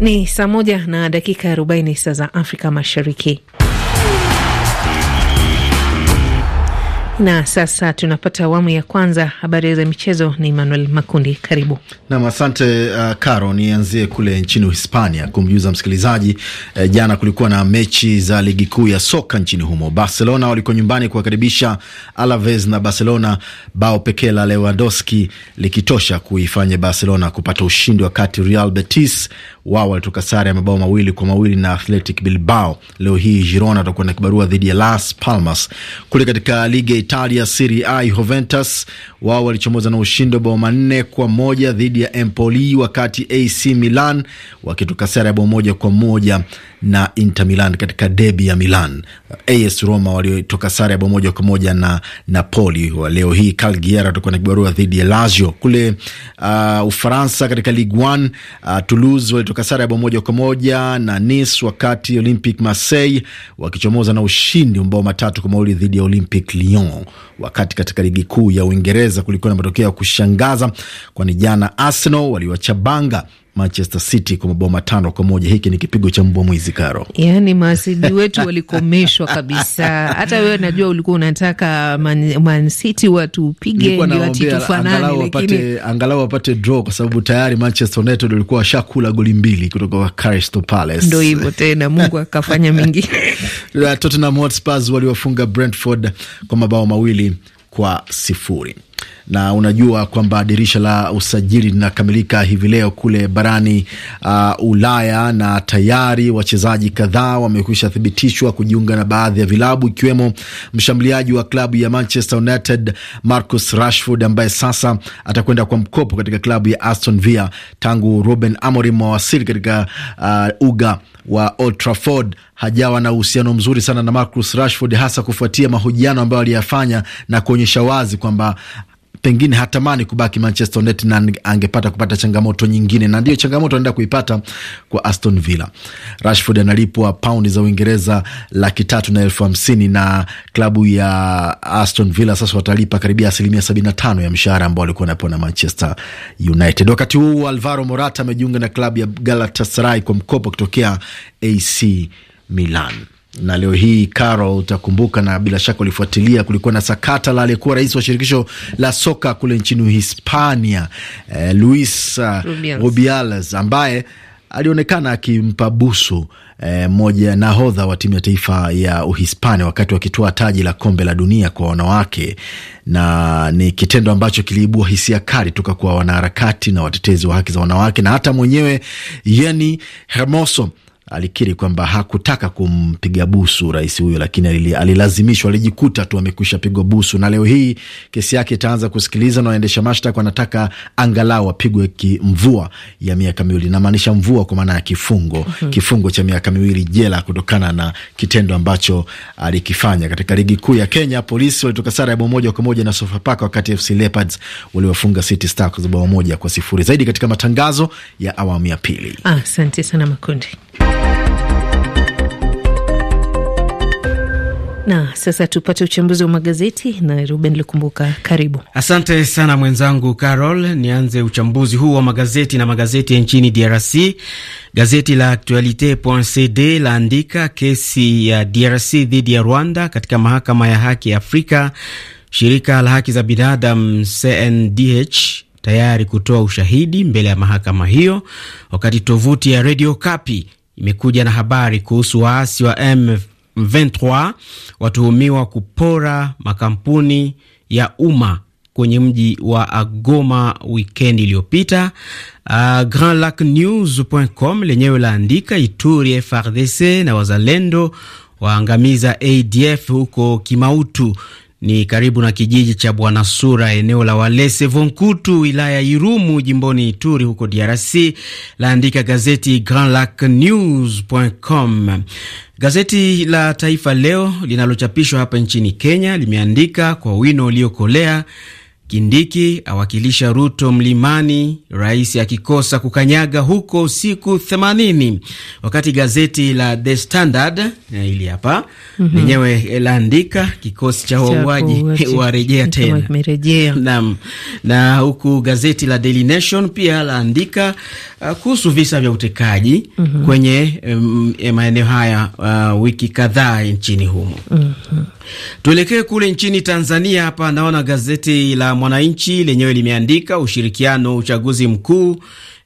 Ni saa moja na dakika arobaini saa za Afrika Mashariki. Na sasa tunapata awamu ya kwanza habari za michezo. Ni Emmanuel Makundi, karibu nam. Asante uh, Caro. Nianzie kule nchini Hispania kumjuza msikilizaji eh, jana kulikuwa na mechi za ligi kuu ya soka nchini humo. Barcelona walikuwa nyumbani kuwakaribisha Alaves na Barcelona, bao pekee la Lewandowski likitosha kuifanya Barcelona kupata ushindi, wakati Real Betis wao walitoka sare ya mabao mawili kwa mawili na Athletic Bilbao. Leo hii Girona atakuwa na kibarua dhidi ya Las Palmas. Kule katika ligi ya Italia Serie A, Juventus wao walichomoza na ushindi wa bao manne kwa moja dhidi ya Empoli, wakati AC Milan wakitoka sare ya bao moja kwa moja na Inter Milan katika debi ya Milan. AS Roma waliotoka sare ya bao moja kwa moja na Napoli. Leo hii Cagliari watakuwa na kibarua dhidi ya Lazio. Kule uh, Ufaransa katika Ligue 1 uh, Toulouse walitoka sare ya bao moja kwa moja na Nice, wakati Olympique Marseille wakichomoza na ushindi mabao matatu kwa mawili dhidi ya Olympique Lyon. Wakati katika ligi kuu ya Uingereza kulikuwa na matokeo ya kushangaza, kwani jana Arsenal waliwachabanga Manchester City kwa mabao matano kwa moja. Hiki ni kipigo cha mbwa mwizi karo, yani masidi wetu walikomeshwa kabisa. Hata wewe najua ulikuwa unataka Man, Man City watupige ndio ati tufanane, angalau wapate draw, kwa sababu tayari Manchester United walikuwa washakula goli mbili kutoka kwa Crystal Palace. Ndio hivyo tena, Mungu akafanya mengi. Tottenham Hotspurs waliwafunga Brentford kwa mabao mawili kwa sifuri na unajua kwamba dirisha la usajili linakamilika hivi leo kule barani uh, Ulaya, na tayari wachezaji kadhaa wamekwisha thibitishwa kujiunga na baadhi ya vilabu ikiwemo mshambuliaji wa klabu ya Manchester United Marcus Rashford ambaye sasa atakwenda kwa mkopo katika klabu ya Aston Villa tangu Ruben Amorim wawasili katika uh, uga wa Old Trafford hajawa na uhusiano mzuri sana na Marcus Rashford, hasa kufuatia mahojiano ambayo aliyafanya na kuonyesha wazi kwamba pengine hatamani kubaki Manchester United na angepata kupata changamoto nyingine, na ndiyo changamoto anaenda kuipata kwa Aston Villa. Rashford analipwa paundi za Uingereza laki tatu na elfu hamsini na klabu ya Aston Villa sasa watalipa karibia asilimia sabini na tano ya mshahara ambao walikuwa anapewa na Manchester United. Wakati huu Alvaro Morata amejiunga na klabu ya Galatasaray kwa mkopo kutokea AC Milan na leo hii Karo, utakumbuka na bila shaka ulifuatilia, kulikuwa na sakata la aliyekuwa rais wa shirikisho la soka kule nchini Uhispania eh, Luis eh, Rubiales ambaye alionekana akimpa busu mmoja eh, e, nahodha wa timu ya taifa ya Uhispania wakati wakitoa taji la kombe la dunia kwa wanawake, na ni kitendo ambacho kiliibua hisia kali toka kwa wanaharakati na watetezi wa haki za wanawake na hata mwenyewe Yeni Hermoso alikiri kwamba hakutaka kumpiga busu rais huyo, lakini alilazimishwa, alijikuta tu amekwisha pigwa busu, na leo hii kesi yake itaanza kusikiliza, na waendesha mashtaka wanataka angalau apigwe kimvua ya miaka miwili, namaanisha mvua kwa maana ya kifungo mm -hmm. kifungo cha miaka miwili jela kutokana na kitendo ambacho alikifanya. Katika ligi kuu ya Kenya, polisi walitoka sare ya bao moja kwa moja na Sofapaka, wakati FC Leopards waliwafunga City Stars bao moja kwa sifuri. Zaidi katika matangazo ya awamu ya pili. Asante ah, sana Makundi. Na sasa tupate uchambuzi wa magazeti na Ruben Lukumbuka, karibu. Asante sana mwenzangu Carol. Nianze uchambuzi huu wa magazeti na magazeti nchini DRC. Gazeti la Actualite.cd laandika kesi ya DRC dhidi ya Rwanda katika mahakama ya haki ya Afrika. Shirika la haki za binadamu CNDH tayari kutoa ushahidi mbele ya mahakama hiyo, wakati tovuti ya Radio Kapi imekuja na habari kuhusu waasi wa MF 23 watuhumiwa kupora makampuni ya umma kwenye mji wa Agoma wikendi iliyopita. Uh, ah, grandlacnews.com lenyewe laandika Ituri, FRDC na wazalendo waangamiza ADF huko Kimautu ni karibu na kijiji cha bwana sura eneo la Walese Vonkutu, wilaya ya Irumu, jimboni Ituri, huko DRC, laandika gazeti grandlacnews.com. Gazeti la Taifa Leo linalochapishwa hapa nchini Kenya limeandika kwa wino uliokolea Kindiki awakilisha Ruto mlimani, rais akikosa kukanyaga huko siku 80. Wakati gazeti la The Standard eh, hili hapa mhm. lenyewe mm -hmm. laandika kikosi cha wauaji warejea tena naam, na huku gazeti la Daily Nation pia laandika uh, kuhusu visa vya utekaji mm -hmm. kwenye um, maeneo haya uh, wiki kadhaa nchini humo mm -hmm. Tuelekee kule nchini Tanzania. Hapa naona gazeti la Mwananchi lenyewe limeandika ushirikiano uchaguzi mkuu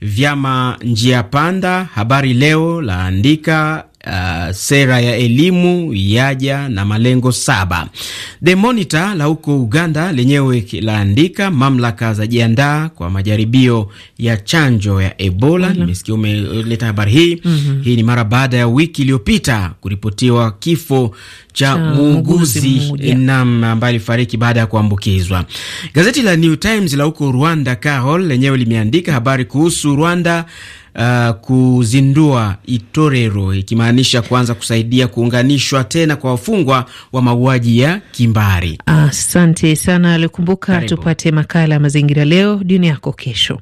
vyama njia panda. Habari Leo laandika uh, sera ya elimu yaja na malengo saba. The Monitor la huko Uganda lenyewe laandika mamlaka zajiandaa kwa majaribio ya chanjo ya Ebola. Nimesikia umeleta habari hii mm -hmm. Hii ni mara baada ya wiki iliyopita kuripotiwa kifo cha muuguzi nam ambaye alifariki baada ya kuambukizwa. Gazeti la New Times la huko Rwanda Carol lenyewe limeandika habari kuhusu Rwanda uh, kuzindua Itorero, ikimaanisha kuanza kusaidia kuunganishwa tena kwa wafungwa wa mauaji ya kimbari. Asante ah, sana Alikumbuka. Tupate makala ya mazingira leo, dini yako kesho.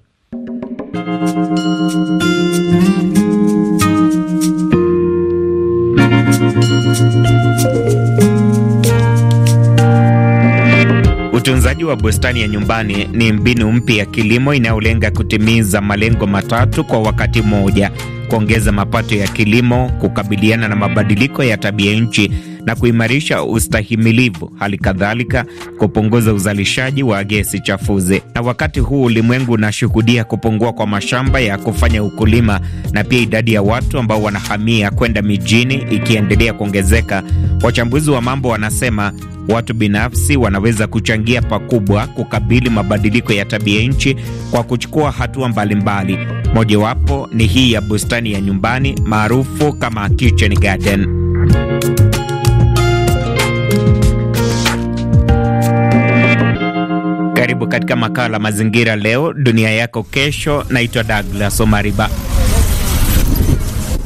Utunzaji wa bustani ya nyumbani ni mbinu mpya ya kilimo inayolenga kutimiza malengo matatu kwa wakati mmoja: kuongeza mapato ya kilimo, kukabiliana na mabadiliko ya tabia nchi na kuimarisha ustahimilivu, hali kadhalika kupunguza uzalishaji wa gesi chafuzi. Na wakati huu ulimwengu unashuhudia kupungua kwa mashamba ya kufanya ukulima na pia idadi ya watu ambao wanahamia kwenda mijini ikiendelea kuongezeka, wachambuzi wa mambo wanasema watu binafsi wanaweza kuchangia pakubwa kukabili mabadiliko ya tabia nchi kwa kuchukua hatua mbalimbali. Mojawapo ni hii ya bustani ya nyumbani maarufu kama kitchen garden. Karibu katika makala Mazingira Leo Dunia Yako Kesho. Naitwa Douglas Omariba.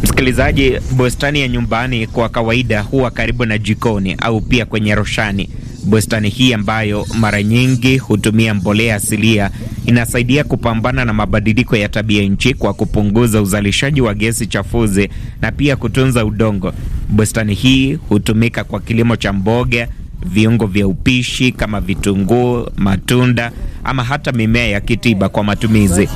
Msikilizaji, bustani ya nyumbani kwa kawaida huwa karibu na jikoni au pia kwenye roshani. Bustani hii ambayo mara nyingi hutumia mbolea asilia inasaidia kupambana na mabadiliko ya tabia nchi kwa kupunguza uzalishaji wa gesi chafuzi na pia kutunza udongo. Bustani hii hutumika kwa kilimo cha mboga, viungo vya upishi kama vitunguu, matunda ama hata mimea ya kitiba kwa matumizi.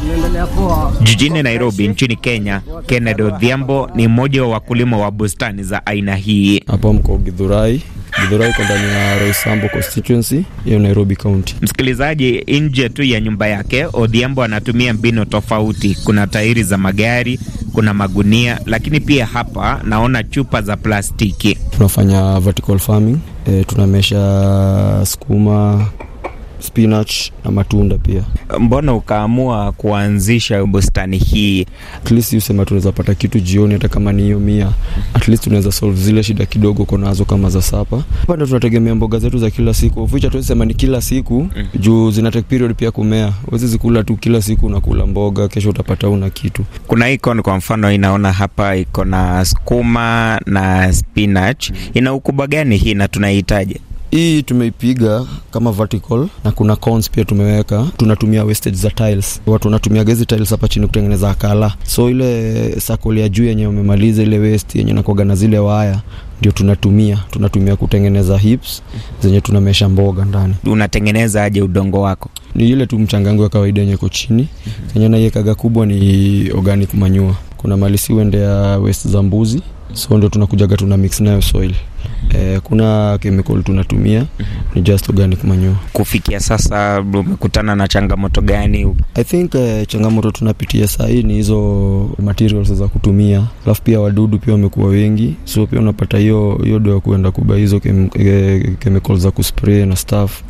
Jijini Nairobi nchini Kenya, Kennedy Odhiambo ni mmoja wa wakulima wa bustani za aina hii. hapo mko Githurai Githurai iko ndani ya Roysambu constituency ya Nairobi County. Msikilizaji, nje tu ya nyumba yake Odhiambo anatumia mbinu tofauti. Kuna tairi za magari, kuna magunia, lakini pia hapa naona chupa za plastiki. Tunafanya vertical farming, e, eh, tunamesha sukuma spinach na matunda pia. Mbona ukaamua kuanzisha bustani hii? At least usema tunaweza pata kitu jioni, hata kama ni hiyo mia, at least tunaweza solve zile shida kidogo uko nazo kama za sapa. Hapa ndo tunategemea mboga zetu za kila siku, of which hatuwezi sema ni kila siku mm. juu zina take period pia kumea. Huwezi zikula tu kila siku unakula mboga, kesho utapata una kitu. Kuna icon kwa mfano inaona hapa iko na sukuma na spinach, mm. ina ukubwa gani hii na tunahitaji hii tumeipiga kama vertical na kuna cones pia tumeweka. Tunatumia wastage za tiles, watu wanatumia gezi tiles hapa chini kutengeneza akala, so ile sakoli ya juu yenye umemaliza ile waste yenye nakoga na zile waya ndio tunatumia tunatumia kutengeneza hips zenye tunamesha mboga ndani. Unatengeneza aje udongo wako? Ni ile tu mchangangu wa kawaida yenye ko chini kenye naiekaga. Kubwa ni organic manure, kuna malisi uende ya west za mbuzi, so ndio tunakujaga tuna mix nayo soil Eh, kuna chemical tunatumia mhm. ni just organic manure. Kufikia sasa umekutana na changamoto gani? I think eh, changamoto tunapitia saa hii ni hizo materials za kutumia, alafu pia wadudu pia wamekuwa wengi, so pia unapata hiyo hiyo do ya kuenda kuba hizo chem, eh, za kuspray na stuff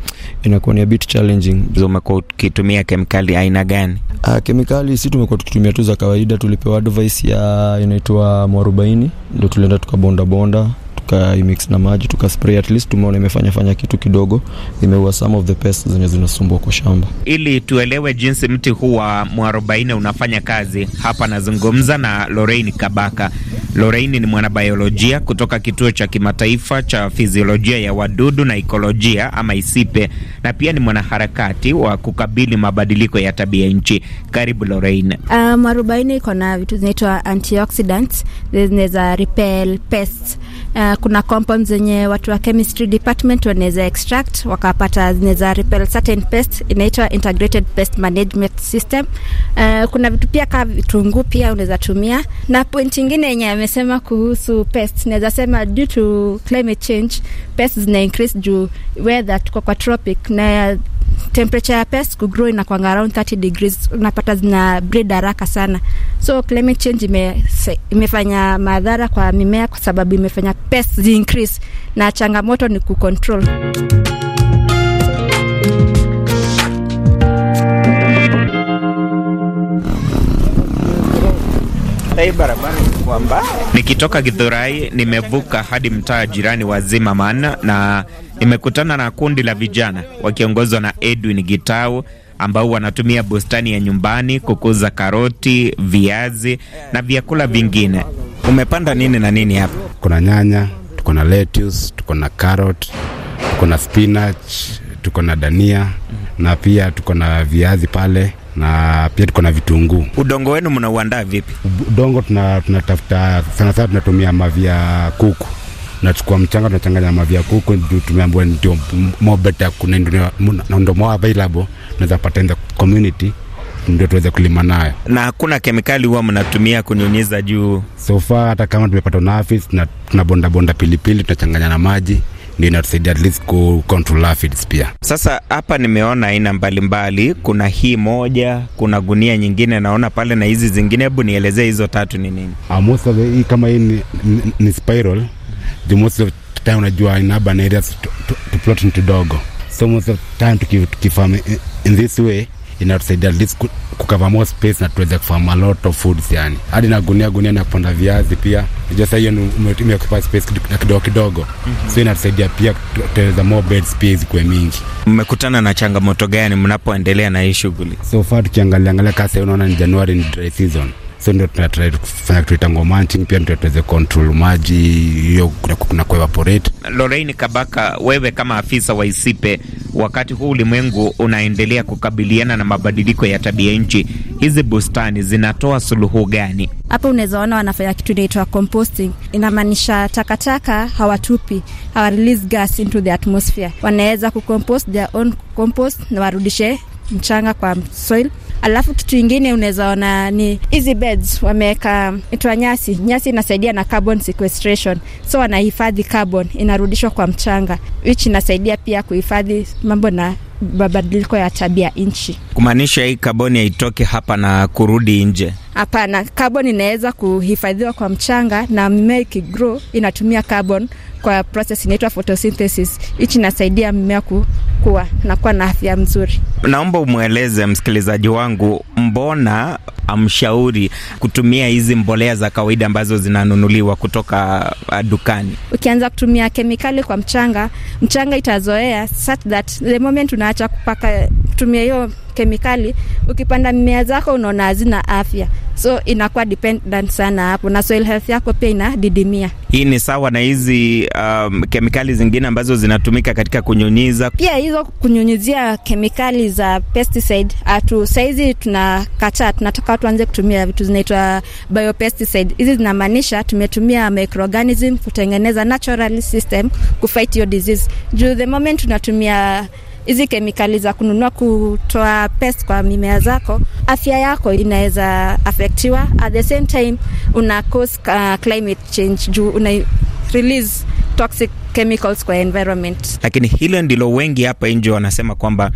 inakuwa ni a bit challenging. Umekuwa ukitumia kemikali aina gani? Ah, kemikali si tumekuwa tukitumia tu za kawaida, tulipewa advice ya inaitwa mwarobaini, ndio tulienda tukabondabonda tukaimix na maji tukaspray, at least tumeona imefanya fanya kitu kidogo, imeua some of the pests zenye zinasumbua kwa shamba. Ili tuelewe jinsi mti huu wa mwarobaini unafanya kazi, hapa nazungumza na Lorraine Kabaka. Lorraine ni mwanabiolojia kutoka kituo cha kimataifa cha fiziolojia ya wadudu na ikolojia ama ISIPE, na pia ni mwanaharakati wa kukabili mabadiliko ya tabia nchi. Karibu Lorraine. Uh, mwarobaini iko na vitu zinaitwa antioxidants zinaweza repel pests Uh, kuna compounds zenye watu wa chemistry department wanaweza extract wakapata, zinaweza repel certain pests, inaitwa integrated pest management system. Uh, kuna vitu pia kama vitunguu pia unaweza tumia, na point nyingine yenye amesema kuhusu pests, naweza sema due to climate change pests zina increase juu weather, tuko kwa tropic na temperature ya pest kugrow inakwanga around 30 degrees, unapata zina breed haraka sana. So climate change ime, imefanya madhara kwa mimea kwa sababu imefanya pests zi increase, na changamoto ni kucontrol Nikitoka Githurai nimevuka hadi mtaa jirani wa Zimmerman na Nimekutana na kundi la vijana wakiongozwa na Edwin Gitau ambao wanatumia bustani ya nyumbani kukuza karoti, viazi na vyakula vingine. Umepanda nini na nini hapa? Kuna nyanya, tuko na lettuce, tuko na carrot, tuko na spinach, tuko na dania na pia tuko na viazi pale na pia tuko na vitunguu. Udongo wenu mnauandaa vipi? Udongo tunatafuta, tuna sana sana tunatumia mavya kuku tunachukua mchanga tunachanganya na mavi ya kuku, ndio tumeambiwa ndio more better, kuna ndio more available, tunaweza pata in the community ndio tuweze kulima nayo. Na hakuna kemikali huwa mnatumia kunyunyiza juu? So far hata kama tumepata na na tunabonda bonda pilipili, tunachanganya na maji ndio inatusaidia at least ku control aphids pia. Sasa hapa nimeona aina mbalimbali, kuna hii moja, kuna gunia nyingine naona pale na hizi zingine. Hebu nielezee hizo tatu ni nini? Ah, most of the, hii kama hii ni, ni, ni spiral the most of the time unajua in urban areas to, to, to plot ni tudogo so most of the time tukifam in, in this way inatusaidia at least kukava more space na tuweze kufarm a lot of foods yani hadi na gunia gunia na kupanda viazi pia najua saa hiyo imeokupa space na kidogo kidogo mm-hmm. so inatusaidia pia kutengeneza more bed space kuwe mingi mmekutana na changamoto gani mnapoendelea na hii shughuli so far tukiangalia angalia kaa unaona ni januari ni dry season so ndio tunatrai kufanya kitu itango manching pia ndio tuweze control maji hiyo kuna ku evaporate. Lorraine Kabaka, wewe kama afisa wa Isipe, wakati huu ulimwengu unaendelea kukabiliana na mabadiliko ya tabia nchi, hizi bustani zinatoa suluhu gani? Hapa unaweza ona wanafanya kitu inaitwa composting, inamaanisha takataka hawatupi, hawa release gas into the atmosphere. Wanaweza kucompost their own compost na warudishe mchanga kwa soil Alafu kitu ingine unaweza ona ni hizi beds wameweka itwa nyasi. Nyasi inasaidia na carbon sequestration, so wanahifadhi carbon inarudishwa kwa mchanga, which inasaidia pia kuhifadhi mambo na mabadiliko ya tabia nchi, kumaanisha hii kaboni haitoke hapa na kurudi nje. Hapana, carbon inaweza kuhifadhiwa kwa mchanga na mmea ikigrow inatumia carbon kwa process inaitwa photosynthesis. Hichi inasaidia mmea kukua na kuwa na afya mzuri. Naomba umweleze msikilizaji wangu mbona amshauri kutumia hizi mbolea za kawaida ambazo zinanunuliwa kutoka uh, dukani. Ukianza kutumia kemikali kwa mchanga, mchanga itazoea such that the moment unaacha kupaka kutumia hiyo kemikali, ukipanda mimea zako unaona hazina afya, so inakuwa dependent sana hapo, na soil health yako pia inadidimia. Hii ni sawa na hizi um, kemikali zingine ambazo zinatumika katika kunyunyiza, pia hizo kunyunyizia kemikali za pesticide. Atu ah, saizi tunakataa, tunataka tuanze kutumia vitu zinaitwa biopesticide. Hizi zinamaanisha tumetumia microorganism kutengeneza natural system kufight hiyo disease, juu the moment tunatumia hizi kemikali za kununua kutoa pest kwa mimea zako, afya yako inaweza afektiwa. At the same time una cause uh, climate change juu una release toxic chemicals kwa environment. Lakini hilo ndilo wengi hapa nje wanasema kwamba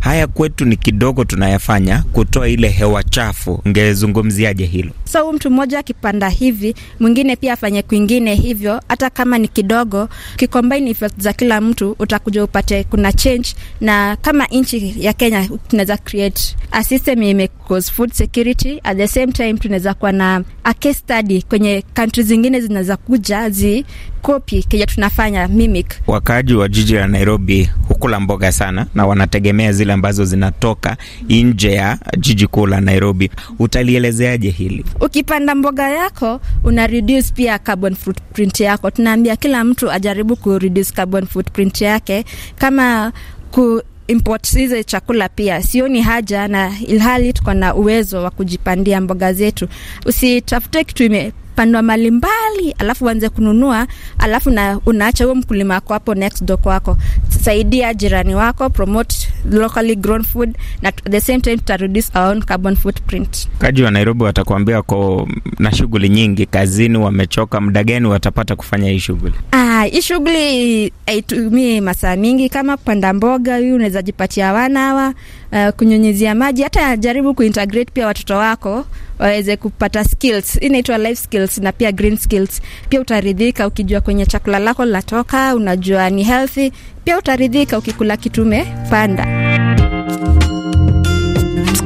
haya kwetu ni kidogo tunayafanya kutoa ile hewa chafu. Ungezungumziaje hilo? So mtu mmoja akipanda hivi, mwingine pia afanye kwingine hivyo, hata kama ni kidogo, kikombine effect za kila mtu, utakuja upate kuna change. Na kama nchi ya Kenya tunaweza create a system yenye cause food security, at the same time tunaweza kuwa na a case study kwenye countries zingine zinaweza kuja zi copy kile tunafanya ina mimic. Wakaaji wa jiji la Nairobi hukula mboga sana na wanategemea zile ambazo zinatoka nje ya jiji kuu la Nairobi. Utalielezeaje hili? Ukipanda mboga yako una reduce pia carbon footprint yako. Tunaambia kila mtu ajaribu ku reduce carbon footprint yake kama ku import hizo chakula pia sioni haja, na ilhali tuko na uwezo wa kujipandia mboga zetu. Usitafute kitu ime yamepandwa mali mbali, alafu uanze kununua, alafu na unaacha huo mkulima wako hapo next door kwako. Saidia jirani wako, promote locally grown food na at the same time to reduce our own carbon footprint. Kaji wa Nairobi watakuambia ko na shughuli nyingi kazini, wamechoka. Muda gani watapata kufanya hii shughuli? Ah, hii shughuli haitumii masaa mingi kama kupanda mboga, huyu unaweza jipatia wana hawa, uh, kunyunyizia maji, hata jaribu kuintegrate pia watoto wako waweze kupata skills, inaitwa life skills na pia green skills. Pia utaridhika ukijua kwenye chakula lako latoka, unajua ni healthy, pia utaridhika ukikula kitume panda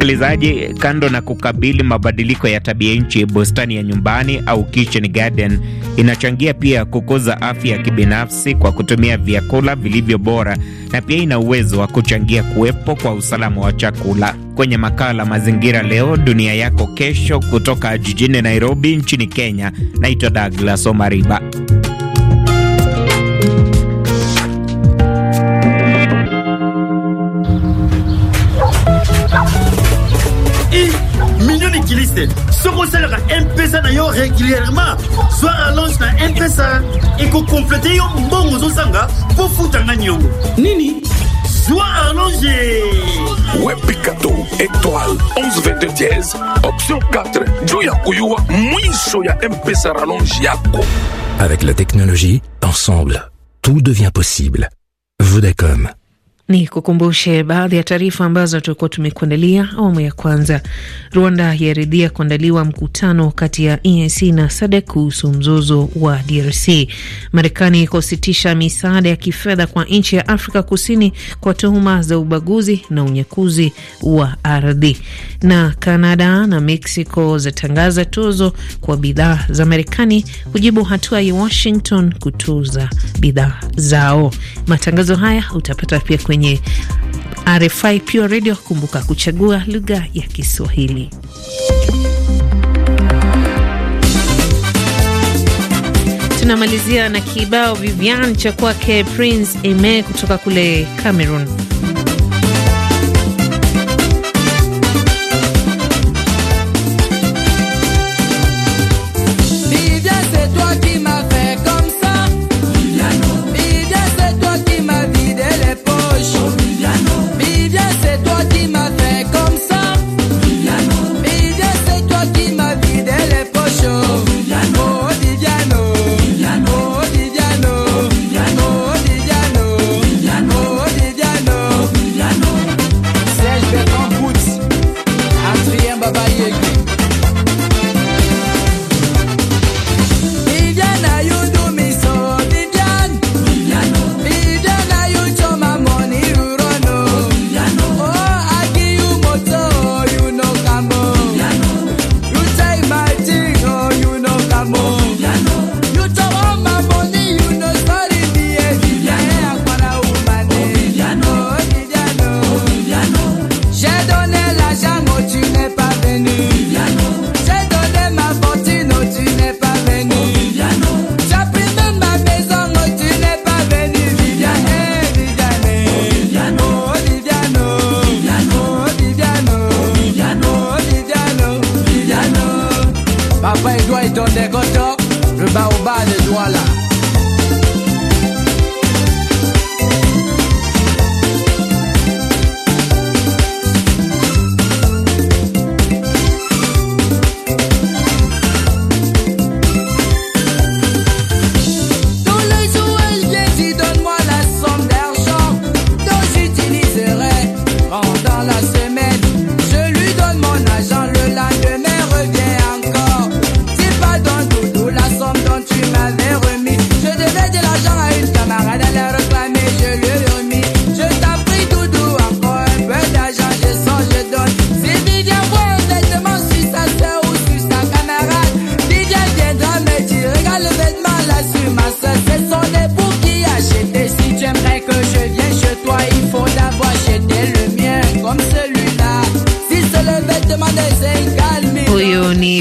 Msikilizaji, kando na kukabili mabadiliko ya tabia nchi, bustani ya nyumbani au kitchen garden inachangia pia kukuza afya ya kibinafsi kwa kutumia vyakula vilivyo bora, na pia ina uwezo wa kuchangia kuwepo kwa usalama wa chakula. Kwenye makala Mazingira Leo Dunia Yako Kesho, kutoka jijini Nairobi nchini Kenya, naitwa Douglas Omariba. evangelist soki osalaka mpesa na yo régulièrement zwar alonge na un bon yo mbongo pour foutre un niongo nini Soit allongé. Wepicato, étoile, 11 22 dièse, option 4, Joya Kuyua, Mouishoya MPSA rallonge Yako. Avec la technologie, ensemble, tout devient possible. Vous d'accord? Ni kukumbushe baadhi ya taarifa ambazo tulikuwa tumekuandalia awamu ya kwanza. Rwanda yaridhia kuandaliwa mkutano kati ya EAC na SADC kuhusu mzozo wa DRC. Marekani kusitisha misaada ya kifedha kwa nchi ya Afrika Kusini kwa tuhuma za ubaguzi na unyakuzi wa ardhi. Na Kanada na Mexico zatangaza tozo kwa bidhaa za Marekani kujibu hatua ya Washington kutuza bidhaa zao. Matangazo haya utapata pia kwenye RFI Pure Radio. Kumbuka kuchagua lugha ya Kiswahili. Tunamalizia na kibao Vivian cha kwake Prince Aime kutoka kule Cameroon.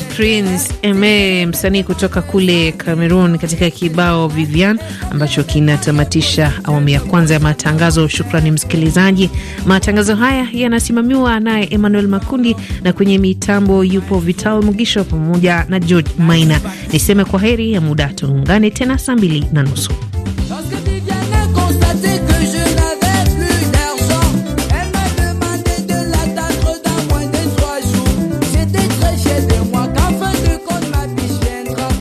Prince Eme, msanii kutoka kule Cameroon, katika kibao Vivian ambacho kinatamatisha awamu ya kwanza ya matangazo. Shukrani msikilizaji. Matangazo haya yanasimamiwa naye Emmanuel Makundi na kwenye mitambo yupo Vital Mugisho pamoja na George Maina. Niseme kwa heri ya muda, tuungane tena saa mbili na nusu.